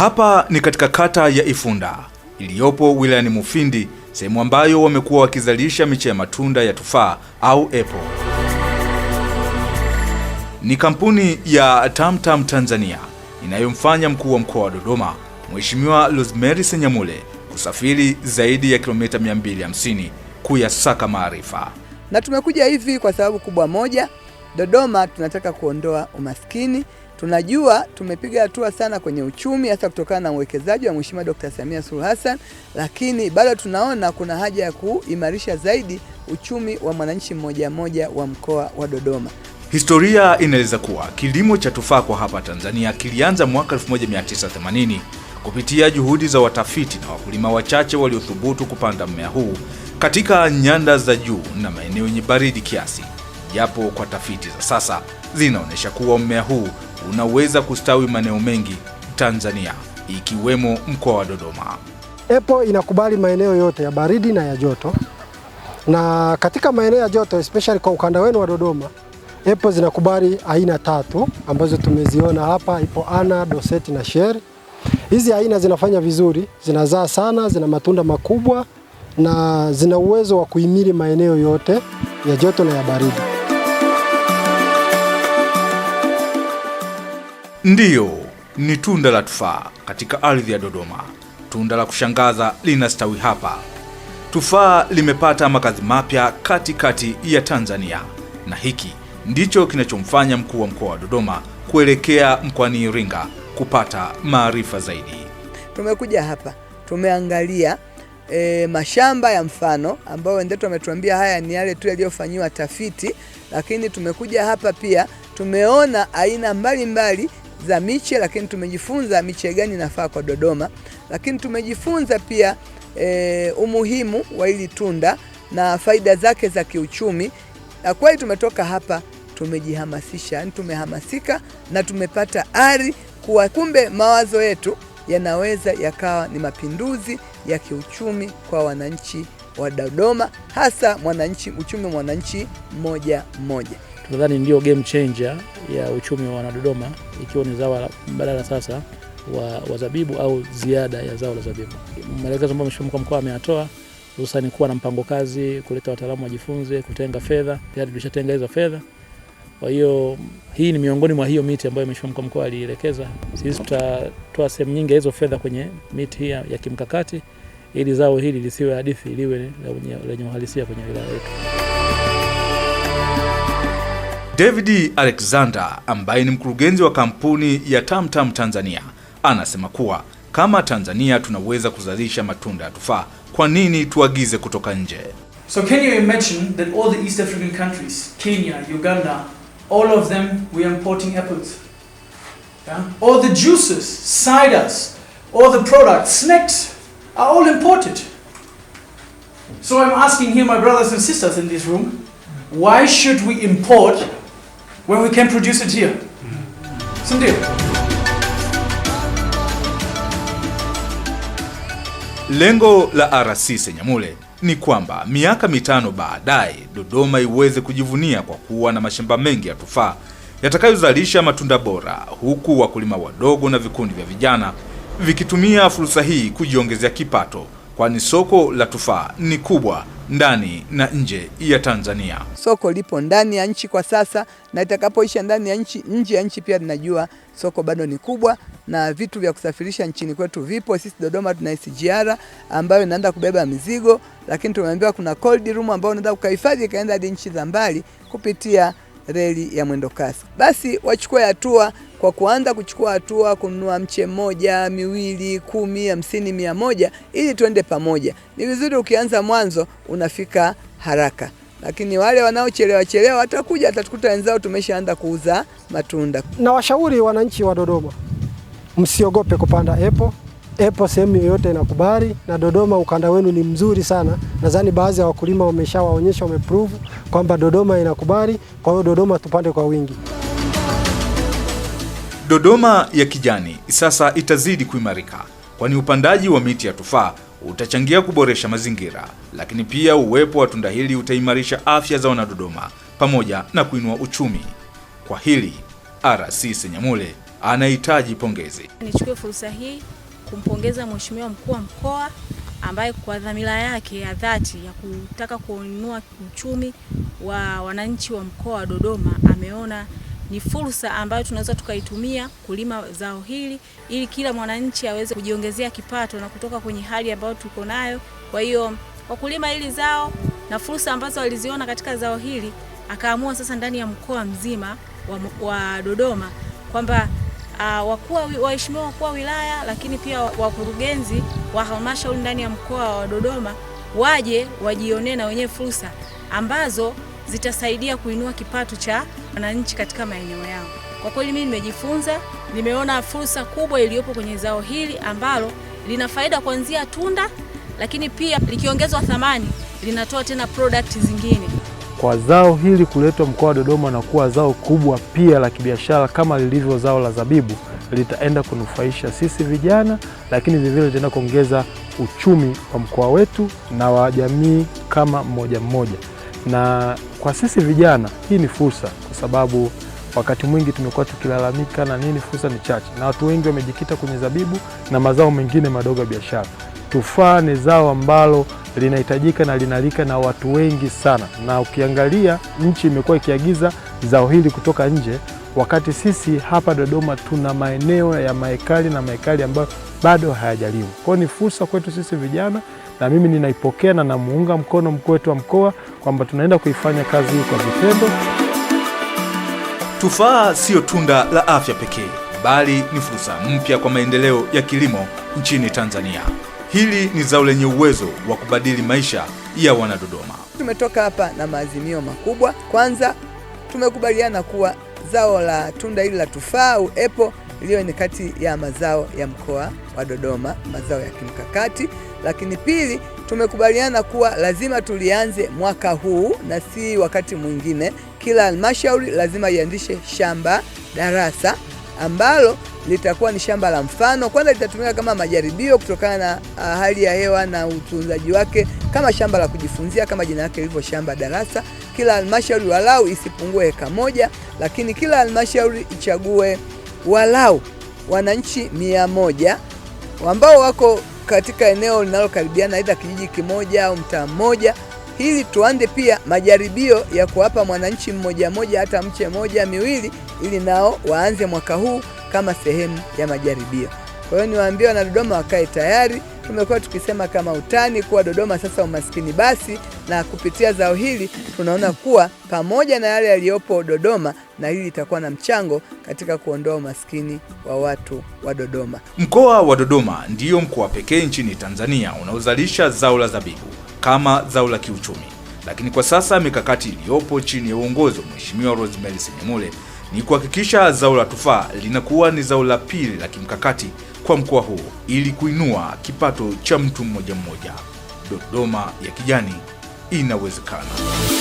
Hapa ni katika kata ya Ifunda iliyopo wilayani Mufindi, sehemu ambayo wamekuwa wakizalisha miche ya matunda ya tufaa au apple. Ni kampuni ya Tamtam Tanzania inayomfanya mkuu wa mkoa wa Dodoma Mheshimiwa Rosemary Senyamule kusafiri zaidi ya kilomita 250 kuyasaka maarifa. Na tumekuja hivi kwa sababu kubwa moja, Dodoma tunataka kuondoa umaskini Tunajua tumepiga hatua sana kwenye uchumi hasa kutokana na uwekezaji wa Mheshimiwa Dkt. Samia Suluhu Hassan, lakini bado tunaona kuna haja ya kuimarisha zaidi uchumi wa mwananchi mmoja mmoja wa mkoa wa Dodoma. Historia inaeleza kuwa kilimo cha tufaa kwa hapa Tanzania kilianza mwaka 1980 kupitia juhudi za watafiti na wakulima wachache waliothubutu kupanda mmea huu katika nyanda za juu na maeneo yenye baridi kiasi, japo kwa tafiti za sasa zinaonyesha kuwa mmea huu unaweza kustawi maeneo mengi Tanzania ikiwemo mkoa wa Dodoma. Apple inakubali maeneo yote ya baridi na ya joto, na katika maeneo ya joto especially kwa ukanda wenu wa Dodoma, Apple zinakubali aina tatu ambazo tumeziona hapa, ipo Ana, Doseti na Sheri. Hizi aina zinafanya vizuri, zinazaa sana, zina matunda makubwa na zina uwezo wa kuhimili maeneo yote ya joto na ya baridi. Ndiyo, ni tunda la tufaa katika ardhi ya Dodoma. Tunda la kushangaza linastawi hapa. Tufaa limepata makazi mapya katikati ya Tanzania, na hiki ndicho kinachomfanya mkuu wa mkoa wa Dodoma kuelekea mkoani Iringa kupata maarifa zaidi. Tumekuja hapa tumeangalia e, mashamba ya mfano ambayo wenzetu wametuambia haya ni yale tu yaliyofanyiwa tafiti, lakini tumekuja hapa pia tumeona aina mbalimbali mbali za miche, lakini tumejifunza miche gani inafaa kwa Dodoma, lakini tumejifunza pia e, umuhimu wa hili tunda na faida zake za kiuchumi, na kweli tumetoka hapa tumejihamasisha, yani tumehamasika na tumepata ari kuwa kumbe mawazo yetu yanaweza yakawa ni mapinduzi ya kiuchumi kwa wananchi wa Dodoma, hasa mwananchi uchumi mwananchi mmoja mmoja nadhani ndio game changer ya uchumi wa wanadodoma ikiwa ni zao mbadala sasa wa, wa zabibu au ziada ya zao la zabibu. Maelekezo ambayo Mheshimiwa Mkuu wa Mkoa ameyatoa hususani kuwa na mpango kazi, kuleta wataalamu wajifunze, kutenga fedha, tayari tulishatenga hizo fedha. Kwa hiyo hii ni miongoni mwa hiyo miti ambayo Mheshimiwa Mkuu wa Mkoa alielekeza. Sisi tutatoa sehemu nyingi ya hizo fedha kwenye miti hii ya kimkakati ili zao hili lisiwe hadithi, liwe lenye uhalisia kwenye wilaya yetu. David Alexander ambaye ni mkurugenzi wa kampuni ya Tamtam Tam Tanzania anasema kuwa kama Tanzania tunaweza kuzalisha matunda ya tufaa, kwa nini tuagize kutoka nje? So can you imagine that all the East African countries, Kenya, Uganda, all of them we are importing apples. Yeah? All the juices, ciders, all the products, snacks are all imported. So I'm asking here my brothers and sisters in this room, why should we import when we can produce it here, si ndio? Lengo la RC Senyamule ni kwamba miaka mitano baadaye Dodoma iweze kujivunia kwa kuwa na mashamba mengi ya tufaa yatakayozalisha matunda bora, huku wakulima wadogo na vikundi vya vijana vikitumia fursa hii kujiongezea kipato, kwani soko la tufaa ni kubwa ndani na nje ya Tanzania. Soko lipo ndani ya nchi kwa sasa na itakapoisha ndani ya nchi, nje ya nchi pia tunajua soko bado ni kubwa na vitu vya kusafirisha nchini kwetu vipo. Sisi Dodoma tuna SGR ambayo inaenda kubeba mizigo, lakini tumeambiwa kuna cold room ambayo unaweza ukahifadhi ikaenda hadi nchi za mbali kupitia reli ya mwendokasi. Basi wachukue hatua kwa kuanza kuchukua hatua kununua mche mmoja, miwili, kumi, hamsini, mia moja ili tuende pamoja. Ni vizuri ukianza mwanzo, unafika haraka lakini wale wanaochelewa chelewa watakuja, atatukuta wenzao tumeshaanza kuuza matunda. Na washauri wananchi wa Dodoma, msiogope kupanda epo epo sehemu yoyote inakubali, na Dodoma ukanda wenu ni mzuri sana. Nadhani baadhi ya wakulima wameshawaonyesha, wameprove kwamba Dodoma inakubali. Kwa hiyo Dodoma tupande kwa wingi. Dodoma ya kijani sasa itazidi kuimarika, kwani upandaji wa miti ya tufaa utachangia kuboresha mazingira, lakini pia uwepo wa tunda hili utaimarisha afya za wanadodoma pamoja na kuinua uchumi. Kwa hili RC Senyamule anahitaji pongezi. Nichukue fursa hii kumpongeza Mheshimiwa mkuu wa mkoa ambaye kwa dhamira yake ya dhati ya kutaka kuinua uchumi wa wananchi wa mkoa wa Dodoma ameona ni fursa ambayo tunaweza tukaitumia kulima zao hili ili kila mwananchi aweze kujiongezea kipato na kutoka kwenye hali ambayo tuko nayo. Kwa hiyo kwa kulima hili zao na fursa ambazo aliziona katika zao hili, akaamua sasa ndani ya mkoa mzima wa, wa Dodoma kwamba Ah, waheshimiwa wakuu wa wilaya, lakini pia wakurugenzi wa halmashauri ndani ya mkoa wa Dodoma waje wajionee na wenyewe fursa ambazo zitasaidia kuinua kipato cha wananchi katika maeneo yao. Kwa kweli mimi nimejifunza, nimeona fursa kubwa iliyopo kwenye zao hili ambalo lina faida kuanzia tunda, lakini pia likiongezwa thamani linatoa tena product zingine kwa zao hili kuletwa mkoa wa Dodoma na kuwa zao kubwa pia la kibiashara kama lilivyo zao la zabibu, litaenda kunufaisha sisi vijana, lakini vilevile litaenda kuongeza uchumi wa mkoa wetu na wa jamii kama mmoja mmoja. Na kwa sisi vijana hii ni fursa, kwa sababu wakati mwingi tumekuwa tukilalamika na nini, fursa ni chache, na watu wengi wamejikita kwenye zabibu na mazao mengine madogo ya biashara. Tufaa ni zao ambalo linahitajika na linalika na watu wengi sana, na ukiangalia nchi imekuwa ikiagiza zao hili kutoka nje, wakati sisi hapa Dodoma tuna maeneo ya maekali na maekali ambayo bado hayajaliwa. Kwao ni fursa kwetu sisi vijana, na mimi ninaipokea na namuunga mkono mkuu wetu wa mkoa kwamba tunaenda kuifanya kazi hii kwa vitendo. Tufaa siyo tunda la afya pekee, bali ni fursa mpya kwa maendeleo ya kilimo nchini Tanzania. Hili ni zao lenye uwezo wa kubadili maisha ya Wanadodoma. Tumetoka hapa na maazimio makubwa. Kwanza tumekubaliana kuwa zao la tunda hili la tufaa au epo iliyo ni kati ya mazao ya mkoa wa Dodoma, mazao ya kimkakati. Lakini pili, tumekubaliana kuwa lazima tulianze mwaka huu na si wakati mwingine. Kila halmashauri lazima iandishe shamba darasa ambalo litakuwa ni shamba la mfano. Kwanza litatumika kama majaribio kutokana na uh, hali ya hewa na utunzaji wake kama shamba la kujifunzia, kama jina lake lilivyo, shamba darasa. Kila halmashauri walau isipungue heka moja, lakini kila halmashauri ichague walau wananchi mia moja ambao wako katika eneo linalokaribiana, aidha kijiji kimoja au mtaa mmoja ili tuanze pia majaribio ya kuwapa mwananchi mmoja mmoja hata mche moja miwili, ili nao waanze mwaka huu kama sehemu ya majaribio. Kwa hiyo niwaambie wana Dodoma wakae tayari. Tumekuwa tukisema kama utani kuwa Dodoma sasa umaskini basi, na kupitia zao hili tunaona kuwa pamoja na yale yaliyopo Dodoma, na hili litakuwa na mchango katika kuondoa umaskini wa watu wa Dodoma. Mkoa wa Dodoma ndiyo mkoa pekee nchini Tanzania unaozalisha zao la zabibu kama zao la kiuchumi, lakini kwa sasa mikakati iliyopo chini ya uongozi wa Mheshimiwa Rosemary Senyamule ni kuhakikisha zao la tufaa linakuwa ni zao la pili la kimkakati kwa mkoa huo ili kuinua kipato cha mtu mmoja mmoja. Dodoma ya kijani inawezekana.